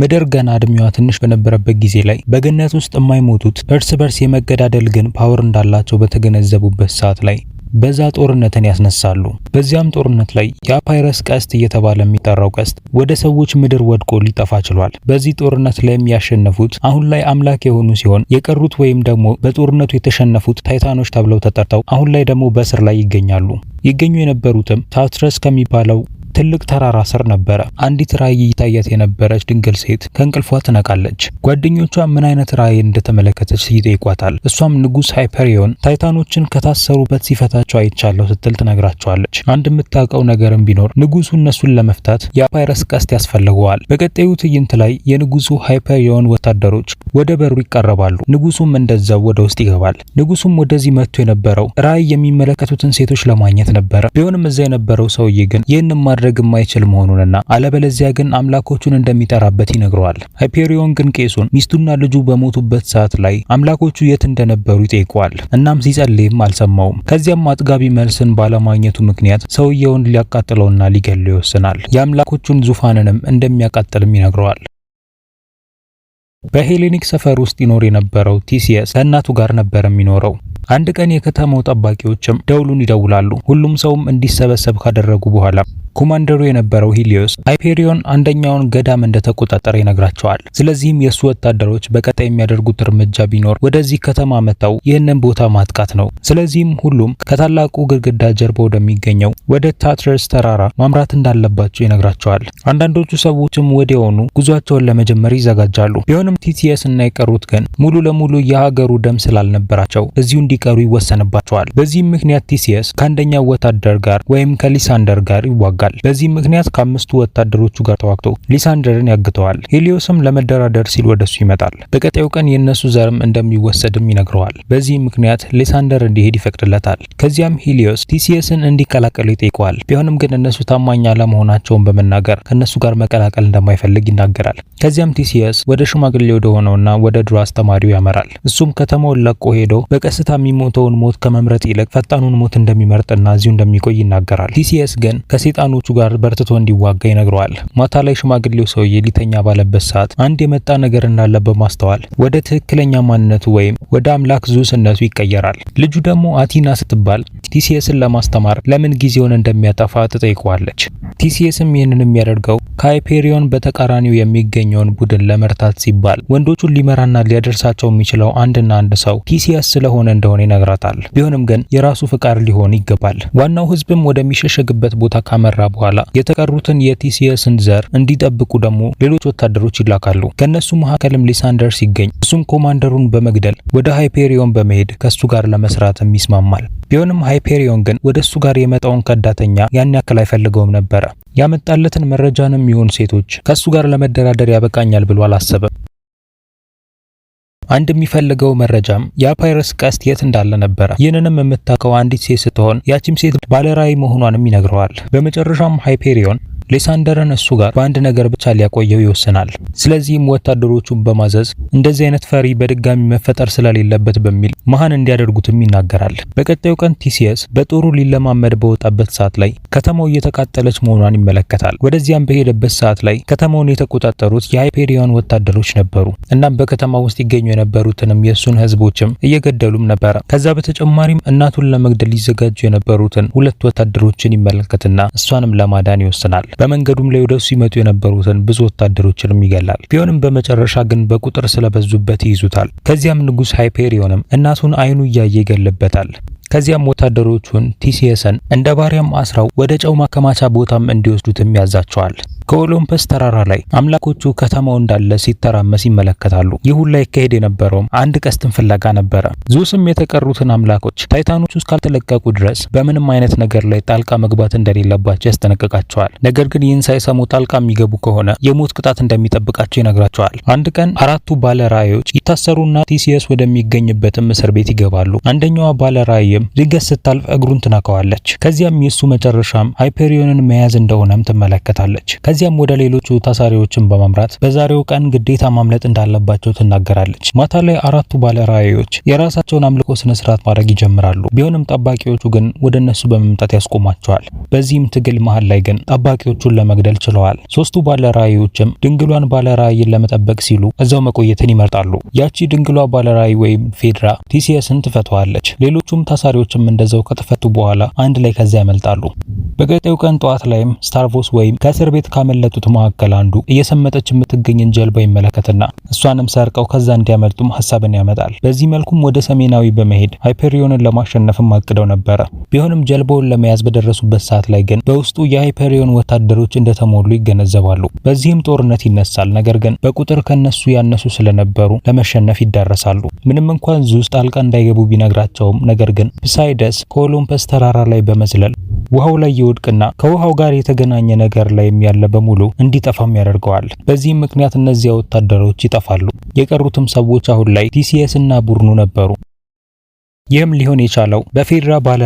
ምድር ገና እድሜዋ ትንሽ በነበረበት ጊዜ ላይ በገነት ውስጥ የማይሞቱት እርስ በርስ የመገዳደል ግን ፓወር እንዳላቸው በተገነዘቡበት ሰዓት ላይ በዛ ጦርነትን ያስነሳሉ። በዚያም ጦርነት ላይ የአፓይረስ ቀስት እየተባለ የሚጠራው ቀስት ወደ ሰዎች ምድር ወድቆ ሊጠፋ ችሏል። በዚህ ጦርነት ላይም ያሸነፉት አሁን ላይ አምላክ የሆኑ ሲሆን የቀሩት ወይም ደግሞ በጦርነቱ የተሸነፉት ታይታኖች ተብለው ተጠርተው አሁን ላይ ደግሞ በእስር ላይ ይገኛሉ። ይገኙ የነበሩትም ታትረስ ከሚባለው ትልቅ ተራራ ስር ነበረ። አንዲት ራዕይ ይታያት የነበረች ድንግል ሴት ከእንቅልፏ ትነቃለች። ጓደኞቿ ምን አይነት ራይ እንደተመለከተች ይጠይቋታል። እሷም ንጉስ ሃይፐሪዮን ታይታኖችን ከታሰሩበት ሲፈታቸው አይቻለሁ ስትል ትነግራቸዋለች። አንድ የምታውቀው ነገርም ቢኖር ንጉሱ እነሱን ለመፍታት የአፓይረስ ቀስት ያስፈልገዋል። በቀጣዩ ትዕይንት ላይ የንጉሱ ሃይፐሪዮን ወታደሮች ወደ በሩ ይቀርባሉ። ንጉሱም እንደዛው ወደ ውስጥ ይገባል። ንጉሱም ወደዚህ መጥቶ የነበረው ራይ የሚመለከቱትን ሴቶች ለማግኘት ነበረ። ቢሆንም እዛ የነበረው ሰውዬ ግን ይህን ማድረግ የማይችል መሆኑንና አለበለዚያ ግን አምላኮቹን እንደሚጠራበት ይነግረዋል። ሃይፔሪዮን ግን ቄሱን ሚስቱና ልጁ በሞቱበት ሰዓት ላይ አምላኮቹ የት እንደነበሩ ይጠይቀዋል። እናም ሲጸልይም አልሰማውም። ከዚያም አጥጋቢ መልስን ባለማግኘቱ ምክንያት ሰውየውን ሊያቃጥለውና ሊገሉ ይወስናል። የአምላኮቹን ዙፋንንም እንደሚያቃጥልም ይነግረዋል። በሄሌኒክ ሰፈር ውስጥ ይኖር የነበረው ቲሲየስ ከእናቱ ጋር ነበር የሚኖረው። አንድ ቀን የከተማው ጠባቂዎችም ደውሉን ይደውላሉ። ሁሉም ሰውም እንዲሰበሰብ ካደረጉ በኋላ ኮማንደሩ የነበረው ሂሊዮስ አይፔሪዮን አንደኛውን ገዳም እንደተቆጣጠረ ይነግራቸዋል። ስለዚህም የእሱ ወታደሮች በቀጣይ የሚያደርጉት እርምጃ ቢኖር ወደዚህ ከተማ መጥተው ይህንን ቦታ ማጥቃት ነው። ስለዚህም ሁሉም ከታላቁ ግድግዳ ጀርባ ወደሚገኘው ወደ ታትረስ ተራራ ማምራት እንዳለባቸው ይነግራቸዋል። አንዳንዶቹ ሰዎችም ወዲያውኑ ጉዟቸውን ለመጀመር ይዘጋጃሉ። ቢሆንም ቲቲየስ እና የቀሩት ግን ሙሉ ለሙሉ የሀገሩ ደም ስላልነበራቸው እዚሁ እንዲቀሩ ይወሰንባቸዋል። በዚህም ምክንያት ቲሲስ ከአንደኛው ወታደር ጋር ወይም ከሊሳንደር ጋር ይዋጋል። ይጠብቃል። በዚህም ምክንያት ከአምስቱ ወታደሮቹ ጋር ተዋግቶ ሊሳንደርን ያግተዋል። ሄሊዮስም ለመደራደር ሲል ወደሱ ይመጣል። በቀጣዩ ቀን የእነሱ ዘርም እንደሚወሰድም ይነግረዋል። በዚህም ምክንያት ሊሳንደር እንዲሄድ ይፈቅድለታል። ከዚያም ሄሊዮስ ቲሲየስን እንዲቀላቀሉ ይጠይቀዋል። ቢሆንም ግን እነሱ ታማኝ አለመሆናቸውን በመናገር ከእነሱ ጋር መቀላቀል እንደማይፈልግ ይናገራል። ከዚያም ቲሲየስ ወደ ሽማግሌ ሆነውና ወደ ድሮ አስተማሪው ያመራል። እሱም ከተማውን ለቆ ሄዶ በቀስታ የሚሞተውን ሞት ከመምረጥ ይልቅ ፈጣኑን ሞት እንደሚመርጥና እዚሁ እንደሚቆይ ይናገራል። ቲሲየስ ግን ከሴጣኑ ከወገኖቹ ጋር በርትቶ እንዲዋጋ ይነግረዋል። ማታ ላይ ሽማግሌው ሰውዬ ሊተኛ ባለበት ሰዓት አንድ የመጣ ነገር እንዳለ በማስተዋል ወደ ትክክለኛ ማንነቱ ወይም ወደ አምላክ ዙስነቱ ይቀየራል። ልጁ ደግሞ አቲና ስትባል ቲሲኤስን ለማስተማር ለምን ጊዜውን እንደሚያጠፋ ትጠይቀዋለች። ቲሲኤስም ይህንን የሚያደርገው ከሃይፔሪዮን በተቃራኒው የሚገኘውን ቡድን ለመርታት ሲባል ወንዶቹን ሊመራና ሊያደርሳቸው የሚችለው አንድና አንድ ሰው ቲሲኤስ ስለሆነ እንደሆነ ይነግራታል። ቢሆንም ግን የራሱ ፍቃድ ሊሆን ይገባል። ዋናው ህዝብም ወደሚሸሸግበት ቦታ ካመራ በኋላ የተቀሩትን የቲሲስን ዘር እንዲጠብቁ ደግሞ ሌሎች ወታደሮች ይላካሉ። ከነሱ መካከልም ሊሳንደር ሲገኝ እሱም ኮማንደሩን በመግደል ወደ ሃይፔሪዮን በመሄድ ከሱ ጋር ለመስራትም ይስማማል። ቢሆንም ሃይፔሪዮን ግን ወደ እሱ ጋር የመጣውን ከዳተኛ ያን ያክል አይፈልገውም ነበረ። ያመጣለትን መረጃንም ይሁን ሴቶች ከእሱ ጋር ለመደራደር ያበቃኛል ብሎ አላሰበም። አንድ የሚፈልገው መረጃም የአፓይረስ ቀስት የት እንዳለ ነበረ። ይህንንም የምታውቀው አንዲት ሴት ስትሆን ያቺም ሴት ባለራይ መሆኗንም ይነግረዋል። በመጨረሻም ሃይፔሪዮን ሌሳንደርን እሱ ጋር በአንድ ነገር ብቻ ሊያቆየው ይወስናል። ስለዚህም ወታደሮቹን በማዘዝ እንደዚህ አይነት ፈሪ በድጋሚ መፈጠር ስለሌለበት በሚል መሀን እንዲያደርጉትም ይናገራል። በቀጣዩ ቀን ቲሲየስ በጦሩ ሊለማመድ በወጣበት ሰዓት ላይ ከተማው እየተቃጠለች መሆኗን ይመለከታል። ወደዚያም በሄደበት ሰዓት ላይ ከተማውን የተቆጣጠሩት የሃይፔሪዮን ወታደሮች ነበሩ። እናም በከተማ ውስጥ ይገኙ የነበሩትንም የእሱን ህዝቦችም እየገደሉም ነበረ። ከዛ በተጨማሪም እናቱን ለመግደል ሊዘጋጁ የነበሩትን ሁለት ወታደሮችን ይመለከትና እሷንም ለማዳን ይወስናል። በመንገዱም ላይ ወደሱ ይመጡ የነበሩትን ብዙ ወታደሮችንም ይገላል። ቢሆንም በመጨረሻ ግን በቁጥር ስለበዙበት ይይዙታል። ከዚያም ንጉስ ሃይፔሪዮንም እናቱን አይኑ እያየ ይገልበታል። ከዚያም ወታደሮቹን ቲሲየስን እንደ ባሪያም አስራው ወደ ጨው ማከማቻ ቦታም እንዲወስዱትም ያዛቸዋል። ከኦሎምፐስ ተራራ ላይ አምላኮቹ ከተማው እንዳለ ሲተራመስ ይመለከታሉ። ይህ ሁላ ይካሄድ የነበረውም አንድ ቀስትን ፍለጋ ነበረ። ዙስም የተቀሩትን አምላኮች ታይታኖች እስካልተለቀቁ ድረስ በምንም አይነት ነገር ላይ ጣልቃ መግባት እንደሌለባቸው ያስጠነቅቃቸዋል። ነገር ግን ይህን ሳይሰሙ ጣልቃ የሚገቡ ከሆነ የሞት ቅጣት እንደሚጠብቃቸው ይነግራቸዋል። አንድ ቀን አራቱ ባለ ራእዮች ይታሰሩና ቲሲየስ ወደሚገኝበትም እስር ቤት ይገባሉ። አንደኛዋ ባለ ራእይም ድንገት ስታልፍ እግሩን ትነካዋለች። ከዚያም የእሱ መጨረሻም ሃይፐሪዮንን መያዝ እንደሆነም ትመለከታለች። ከዚያም ወደ ሌሎቹ ታሳሪዎችን በማምራት በዛሬው ቀን ግዴታ ማምለጥ እንዳለባቸው ትናገራለች። ማታ ላይ አራቱ ባለ የራሳቸውን አምልኮ ስነ ስርዓት ማድረግ ይጀምራሉ። ቢሆንም ጠባቂዎቹ ግን ወደ እነሱ በመምጣት ያስቆማቸዋል። በዚህም ትግል መሃል ላይ ግን ጠባቂዎቹን ለመግደል ችለዋል። ሶስቱ ባለ ድንግሏን ባለ ለመጠበቅ ሲሉ እዛው መቆየትን ይመርጣሉ። ያቺ ድንግሏ ባለ ወይም ፌድራ ቲሲየስን ትፈተዋለች። ሌሎቹም ታሳሪዎችም እንደዛው ከተፈቱ በኋላ አንድ ላይ ከዚያ ያመልጣሉ። በቀጣዩ ቀን ጠዋት ላይም ስታርቮስ ወይም ከእስር ቤት ካሜ ካመለጡት መካከል አንዱ እየሰመጠች የምትገኝን ጀልባ ይመለከትና እሷንም ሰርቀው ከዛ እንዲያመልጡም ሀሳብን ያመጣል። በዚህ መልኩም ወደ ሰሜናዊ በመሄድ ሃይፐሪዮንን ለማሸነፍም አቅደው ነበረ። ቢሆንም ጀልባውን ለመያዝ በደረሱበት ሰዓት ላይ ግን በውስጡ የሃይፐሪዮን ወታደሮች እንደተሞሉ ይገነዘባሉ። በዚህም ጦርነት ይነሳል። ነገር ግን በቁጥር ከነሱ ያነሱ ስለነበሩ ለመሸነፍ ይዳረሳሉ። ምንም እንኳን ዙስ ጣልቃ እንዳይገቡ ቢነግራቸውም ነገር ግን ፕሳይደስ ከኦሎምፐስ ተራራ ላይ በመዝለል ውሃው ላይ ይወድቅና ከውሃው ጋር የተገናኘ ነገር ላይ ያለ በሙሉ እንዲጠፋም ያደርገዋል። በዚህም ምክንያት እነዚያ ወታደሮች ይጠፋሉ። የቀሩትም ሰዎች አሁን ላይ ቲሲኤስ እና ቡድኑ ነበሩ። ይህም ሊሆን የቻለው በፌድራ ባለ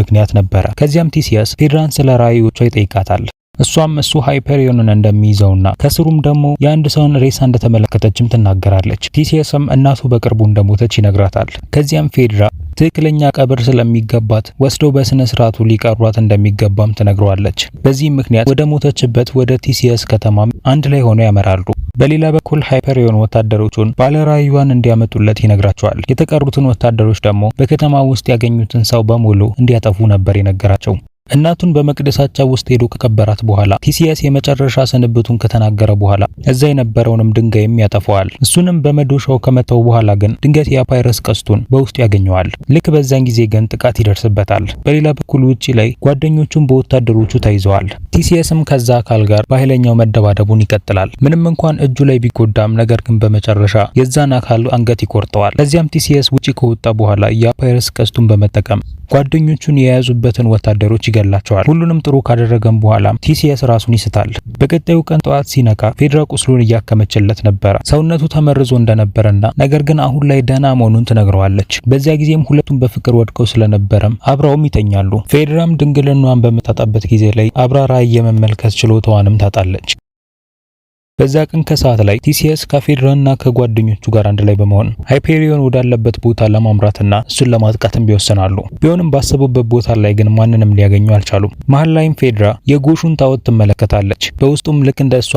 ምክንያት ነበረ። ከዚያም ቲሲኤስ ፌድራን ስለ ራእዮቿ ይጠይቃታል። እሷም እሱ ሃይፐሪዮንን እንደሚይዘውና ከስሩም ደግሞ የአንድ ሰውን ሬሳ እንደተመለከተችም ትናገራለች። ቲሲስም እናቱ በቅርቡ እንደሞተች ይነግራታል። ከዚያም ፌድራ ትክክለኛ ቀብር ስለሚገባት ወስደው በስነ ስርዓቱ ሊቀሯት እንደሚገባም ትነግረዋለች። በዚህም ምክንያት ወደ ሞተችበት ወደ ቲሲኤስ ከተማም አንድ ላይ ሆነው ያመራሉ። በሌላ በኩል ሃይፐሪዮን ወታደሮቹን ባለራዩዋን እንዲያመጡለት ይነግራቸዋል። የተቀሩትን ወታደሮች ደግሞ በከተማ ውስጥ ያገኙትን ሰው በሙሉ እንዲያጠፉ ነበር የነገራቸው። እናቱን በመቅደሳቸው ውስጥ ሄዶ ከቀበራት በኋላ ቲሲያስ የመጨረሻ ስንብቱን ከተናገረ በኋላ እዛ የነበረውንም ድንጋይም ያጠፋዋል። እሱንም በመዶሻው ከመተው በኋላ ግን ድንገት የአፓይረስ ቀስቱን በውስጡ ያገኘዋል። ልክ በዛን ጊዜ ግን ጥቃት ይደርስበታል። በሌላ በኩል ውጪ ላይ ጓደኞቹም በወታደሮቹ ተይዘዋል። ቲሲያስም ከዛ አካል ጋር በኃይለኛው መደባደቡን ይቀጥላል። ምንም እንኳን እጁ ላይ ቢጎዳም፣ ነገር ግን በመጨረሻ የዛን አካል አንገት ይቆርጠዋል። ከዚያም ቲሲያስ ውጪ ከወጣ በኋላ የአፓይረስ ቀስቱን በመጠቀም ጓደኞቹን የያዙበትን ወታደሮች ይገላቸዋል። ሁሉንም ጥሩ ካደረገም በኋላም ቲሲየስ ራሱን ይስታል። በቀጣዩ ቀን ጠዋት ሲነቃ ፌድራ ቁስሉን እያከመችለት ነበረ። ሰውነቱ ተመርዞ እንደነበረና ነገር ግን አሁን ላይ ደህና መሆኑን ትነግረዋለች። በዚያ ጊዜም ሁለቱም በፍቅር ወድቀው ስለነበረም አብረውም ይተኛሉ። ፌድራም ድንግልናዋን በምታጣበት ጊዜ ላይ አብራራ የመመልከት ችሎታዋንም ታጣለች። በዛ ቀን ከሰዓት ላይ ቲሲየስ ከፌዴራንና ከጓደኞቹ ጋር አንድ ላይ በመሆን ሃይፔሪዮን ወዳለበት ቦታ ለማምራትና እሱን ለማጥቃትም ቢወሰናሉ። ቢሆንም ባሰቡበት ቦታ ላይ ግን ማንንም ሊያገኙ አልቻሉም። መሀል ላይም ፌዴራ የጎሹን ታወት ትመለከታለች። በውስጡም ልክ እንደ እሷ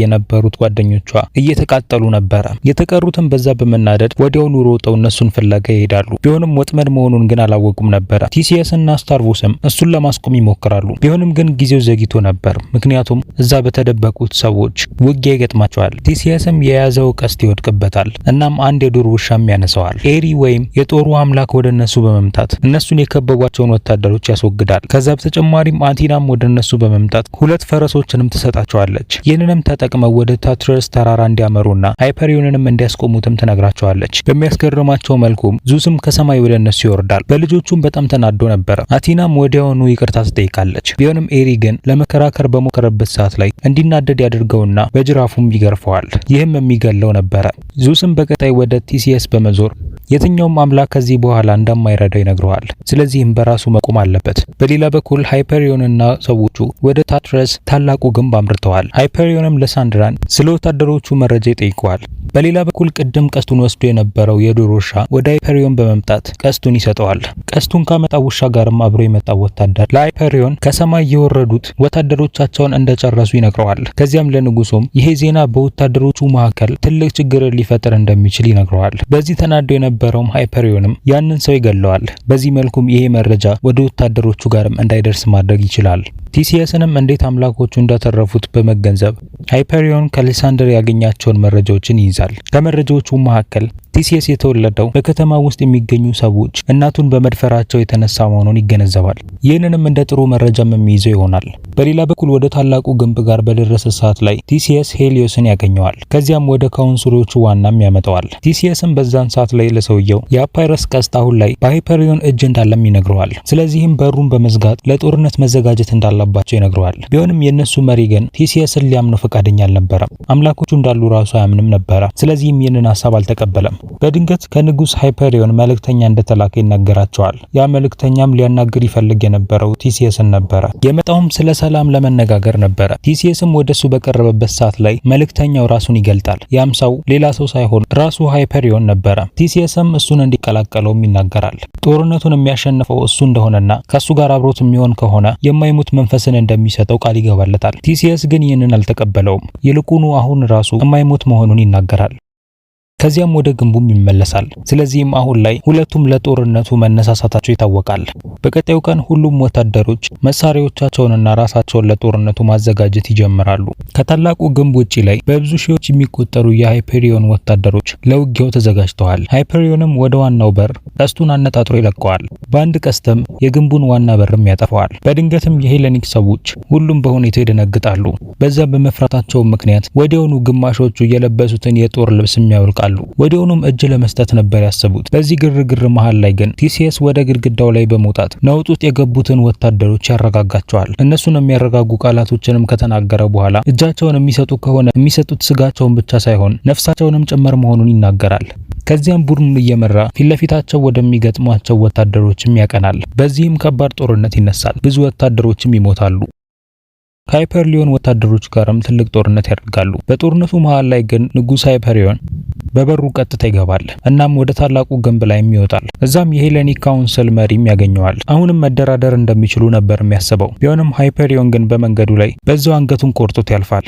የነበሩት ጓደኞቿ እየተቃጠሉ ነበረ። የተቀሩትም በዛ በመናደድ ወዲያውኑ ሮጠው እነሱን ፍለጋ ይሄዳሉ። ቢሆንም ወጥመድ መሆኑን ግን አላወቁም ነበረ። ቲሲየስና ስታርቮስም እሱን ለማስቆም ይሞክራሉ። ቢሆንም ግን ጊዜው ዘግይቶ ነበር። ምክንያቱም እዛ በተደበቁት ሰዎች ውጊያ ይገጥማቸዋል። ቲሲያስም የያዘው ቀስት ይወድቅበታል። እናም አንድ የዱር ውሻም ያነሰዋል። ኤሪ ወይም የጦሩ አምላክ ወደ እነሱ በመምጣት እነሱን የከበቧቸውን ወታደሮች ያስወግዳል። ከዛ በተጨማሪም አቲናም ወደ እነሱ በመምጣት ሁለት ፈረሶችንም ትሰጣቸዋለች። ይህንንም ተጠቅመው ወደ ታትረስ ተራራ እንዲያመሩና ሃይፐሪዮንንም እንዲያስቆሙትም ትነግራቸዋለች። በሚያስገርማቸው መልኩም ዙስም ከሰማይ ወደ እነሱ ይወርዳል። በልጆቹም በጣም ተናዶ ነበረ። አቲናም ወዲያውኑ ይቅርታ ትጠይቃለች። ቢሆንም ኤሪ ግን ለመከራከር በሞከረበት ሰዓት ላይ እንዲናደድ ያደርገውና በጅራፉም ይገርፈዋል። ይህም የሚገለው ነበረ። ዙስም በቀጣይ ወደ ቲሲኤስ በመዞር የትኛውም አምላክ ከዚህ በኋላ እንደማይረዳው ይነግረዋል። ስለዚህም በራሱ መቆም አለበት። በሌላ በኩል ሃይፐሪዮንና ሰዎቹ ወደ ታትረስ ታላቁ ግንብ አምርተዋል። ሃይፐሪዮንም ለሳንድራን ስለ ወታደሮቹ መረጃ ይጠይቀዋል። በሌላ በኩል ቅድም ቀስቱን ወስዶ የነበረው የዱር ውሻ ወደ ሃይፐሪዮን በመምጣት ቀስቱን ይሰጠዋል። ቀስቱን ካመጣ ውሻ ጋርም አብሮ የመጣው ወታደር ለሃይፐሪዮን ከሰማይ የወረዱት ወታደሮቻቸውን እንደጨረሱ ይነግረዋል። ከዚያም ለንጉሱም ይሄ ዜና በወታደሮቹ መካከል ትልቅ ችግር ሊፈጥር እንደሚችል ይነግረዋል። በዚህ ተናዶ የነበረውም ሃይፐሪዮንም ያንን ሰው ይገለዋል። በዚህ መልኩም ይሄ መረጃ ወደ ወታደሮቹ ጋርም እንዳይደርስ ማድረግ ይችላል። ቲሲየስንም እንዴት አምላኮቹ እንዳተረፉት በመገንዘብ ሃይፐሪዮን ከሌሳንደር ያገኛቸውን መረጃዎችን ይይዛል። ከመረጃዎቹ መካከል ቲሲየስ የተወለደው በከተማ ውስጥ የሚገኙ ሰዎች እናቱን በመድፈራቸው የተነሳ መሆኑን ይገነዘባል። ይህንንም እንደ ጥሩ መረጃም የሚይዘው ይሆናል። በሌላ በኩል ወደ ታላቁ ግንብ ጋር በደረሰ ሰዓት ላይ ቲሲየስ ሄሊዮስን ያገኘዋል። ከዚያም ወደ ካውንስሎቹ ዋናም ያመጠዋል። ቲሲየስም በዛን ሰዓት ላይ ሰውየው የአፓይረስ ቀስት አሁን ላይ በሃይፐሪዮን እጅ እንዳለም ይነግረዋል። ስለዚህም በሩን በመዝጋት ለጦርነት መዘጋጀት እንዳለባቸው ይነግረዋል። ቢሆንም የእነሱ መሪ ግን ቲሲየስን ሊያምነው ፈቃደኛ አልነበረም። አምላኮቹ እንዳሉ ራሱ አያምንም ነበረ። ስለዚህም ይህንን ሀሳብ አልተቀበለም። በድንገት ከንጉስ ሃይፐሪዮን መልእክተኛ እንደተላከ ይነገራቸዋል። ያ መልእክተኛም ሊያናግር ይፈልግ የነበረው ቲሲየስን ነበረ። የመጣውም ስለ ሰላም ለመነጋገር ነበረ። ቲሲየስም ወደሱ በቀረበበት ሰዓት ላይ መልእክተኛው ራሱን ይገልጣል። ያም ሰው ሌላ ሰው ሳይሆን ራሱ ሃይፐሪዮን ነበረ። ቲሲየስ እያነሰም እሱን እንዲቀላቀለውም ይናገራል። ጦርነቱን የሚያሸንፈው እሱ እንደሆነና ከሱ ጋር አብሮት የሚሆን ከሆነ የማይሙት መንፈስን እንደሚሰጠው ቃል ይገባለታል። ቲሲስ ግን ይህንን አልተቀበለውም። ይልቁኑ አሁን ራሱ የማይሞት መሆኑን ይናገራል። ከዚያም ወደ ግንቡም ይመለሳል። ስለዚህም አሁን ላይ ሁለቱም ለጦርነቱ መነሳሳታቸው ይታወቃል። በቀጣዩ ቀን ሁሉም ወታደሮች መሳሪያዎቻቸውንና ራሳቸውን ለጦርነቱ ማዘጋጀት ይጀምራሉ። ከታላቁ ግንብ ውጪ ላይ በብዙ ሺዎች የሚቆጠሩ የሃይፐሪዮን ወታደሮች ለውጊያው ተዘጋጅተዋል። ሃይፐሪዮንም ወደ ዋናው በር ቀስቱን አነጣጥሮ ይለቀዋል። በአንድ ቀስትም የግንቡን ዋና በርም ያጠፈዋል። በድንገትም የሄለኒክ ሰዎች ሁሉም በሁኔታው ይደነግጣሉ። በዛ በመፍራታቸው ምክንያት ወዲያውኑ ግማሾቹ የለበሱትን የጦር ልብስ ያወልቃሉ። ይገኛሉ። ወዲያውኑም እጅ ለመስጠት ነበር ያሰቡት። በዚህ ግርግር መሃል ላይ ግን ቲሲኤስ ወደ ግድግዳው ላይ በመውጣት ነውጥ ውስጥ የገቡትን ወታደሮች ያረጋጋቸዋል። እነሱን የሚያረጋጉ ቃላቶችንም ከተናገረ በኋላ እጃቸውን የሚሰጡ ከሆነ የሚሰጡት ስጋቸውን ብቻ ሳይሆን ነፍሳቸውንም ጭምር መሆኑን ይናገራል። ከዚያም ቡድኑን እየመራ ፊት ለፊታቸው ወደሚገጥሟቸው ወታደሮችም ያቀናል። በዚህም ከባድ ጦርነት ይነሳል። ብዙ ወታደሮችም ይሞታሉ። ከሃይፐርሊዮን ወታደሮች ጋርም ትልቅ ጦርነት ያደርጋሉ። በጦርነቱ መሃል ላይ ግን ንጉስ ሃይፐሪዮን በበሩ ቀጥታ ይገባል። እናም ወደ ታላቁ ግንብ ላይም ይወጣል። እዛም የሄሌኒክ ካውንስል መሪም ያገኘዋል። አሁንም መደራደር እንደሚችሉ ነበር የሚያስበው። ቢሆንም ሃይፐሪዮን ግን በመንገዱ ላይ በዛው አንገቱን ቆርጦት ያልፋል።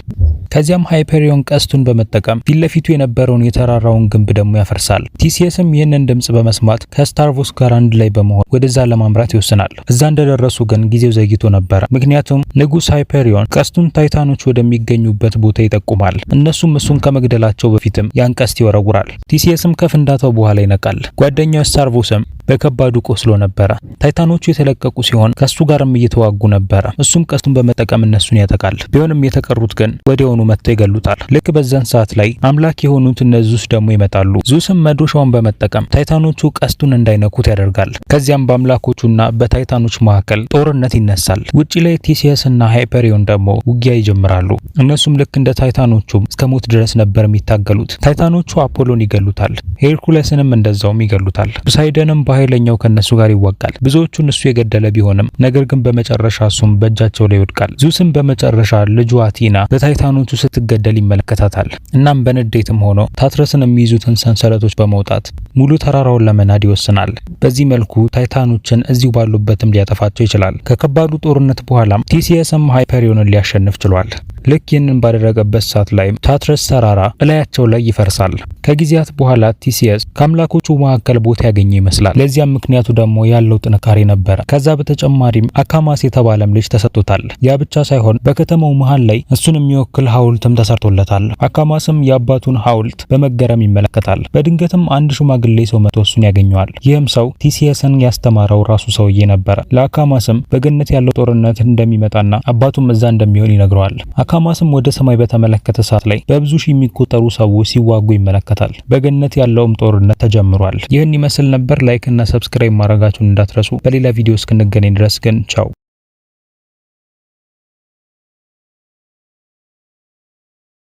ከዚያም ሃይፐሪዮን ቀስቱን በመጠቀም ፊት ለፊቱ የነበረውን የተራራውን ግንብ ደግሞ ያፈርሳል። ቲሲየስም ይህንን ድምጽ በመስማት ከስታርቮስ ጋር አንድ ላይ በመሆን ወደዛ ለማምራት ይወስናል። እዛ እንደደረሱ ግን ጊዜው ዘግይቶ ነበረ። ምክንያቱም ንጉስ ሃይፐሪዮን መሪዋን ቀስቱን ታይታኖች ወደሚገኙበት ቦታ ይጠቁማል። እነሱም እሱን ከመግደላቸው በፊትም ያን ቀስት ይወረውራል። ቲሲየስም ከፍንዳታው በኋላ ይነቃል። ጓደኛው ስታርቮስም በከባዱ ቆስሎ ነበረ። ታይታኖቹ የተለቀቁ ሲሆን ከሱ ጋርም እየተዋጉ ነበረ። እሱም ቀስቱን በመጠቀም እነሱን ያጠቃል። ቢሆንም የተቀሩት ግን ወዲያውኑ መጥተው ይገሉታል። ልክ በዛን ሰዓት ላይ አምላክ የሆኑት እነ ዙስ ደግሞ ይመጣሉ። ዙስም መዶሻውን በመጠቀም ታይታኖቹ ቀስቱን እንዳይነኩት ያደርጋል። ከዚያም በአምላኮቹና በታይታኖች መካከል ጦርነት ይነሳል። ውጭ ላይ ቲሲየስ እና ሃይፐሪዮን ደግሞ ውጊያ ይጀምራሉ። እነሱም ልክ እንደ ታይታኖቹም እስከ ሞት ድረስ ነበር የሚታገሉት። ታይታኖቹ አፖሎን ይገሉታል። ሄርኩለስንም እንደዛውም ይገሉታል። ፖሳይደንም ኃይለኛው ከነሱ ጋር ይዋጋል። ብዙዎቹን እሱ የገደለ ቢሆንም ነገር ግን በመጨረሻ እሱም በእጃቸው ላይ ይወድቃል። ዙስም በመጨረሻ ልጁ አቲና በታይታኖቹ ስትገደል ይመለከታታል። እናም በንዴትም ሆኖ ታትረስን የሚይዙትን ሰንሰለቶች በመውጣት ሙሉ ተራራውን ለመናድ ይወስናል። በዚህ መልኩ ታይታኖችን እዚሁ ባሉበትም ሊያጠፋቸው ይችላል። ከከባዱ ጦርነት በኋላም ቲሲስም ሃይፐሪዮንን ሊያሸንፍ ችሏል። ልክ ይህንን ባደረገበት ሰዓት ላይ ታትረስ ተራራ እላያቸው ላይ ይፈርሳል። ከጊዜያት በኋላ ቲሲየስ ከአምላኮቹ መካከል ቦታ ያገኘ ይመስላል። ለዚያም ምክንያቱ ደግሞ ያለው ጥንካሬ ነበረ። ከዛ በተጨማሪም አካማስ የተባለም ልጅ ተሰጥቶታል። ያ ብቻ ሳይሆን በከተማው መሃል ላይ እሱን የሚወክል ሐውልትም ተሰርቶለታል። አካማስም የአባቱን ሐውልት በመገረም ይመለከታል። በድንገትም አንድ ሽማግሌ ሰው መጥቶ እሱን ያገኘዋል። ይህም ሰው ቲሲየስን ያስተማረው ራሱ ሰውዬ ነበረ። ለአካማስም በገነት ያለው ጦርነት እንደሚመጣና አባቱም እዛ እንደሚሆን ይነግረዋል። ሐማስም ወደ ሰማይ በተመለከተ ሰዓት ላይ በብዙ ሺህ የሚቆጠሩ ሰዎች ሲዋጉ ይመለከታል። በገነት ያለውም ጦርነት ተጀምሯል። ይህን ይመስል ነበር። ላይክ እና ሰብስክራይብ ማድረጋችሁን እንዳትረሱ። በሌላ ቪዲዮ እስክንገናኝ ድረስ ግን ቻው።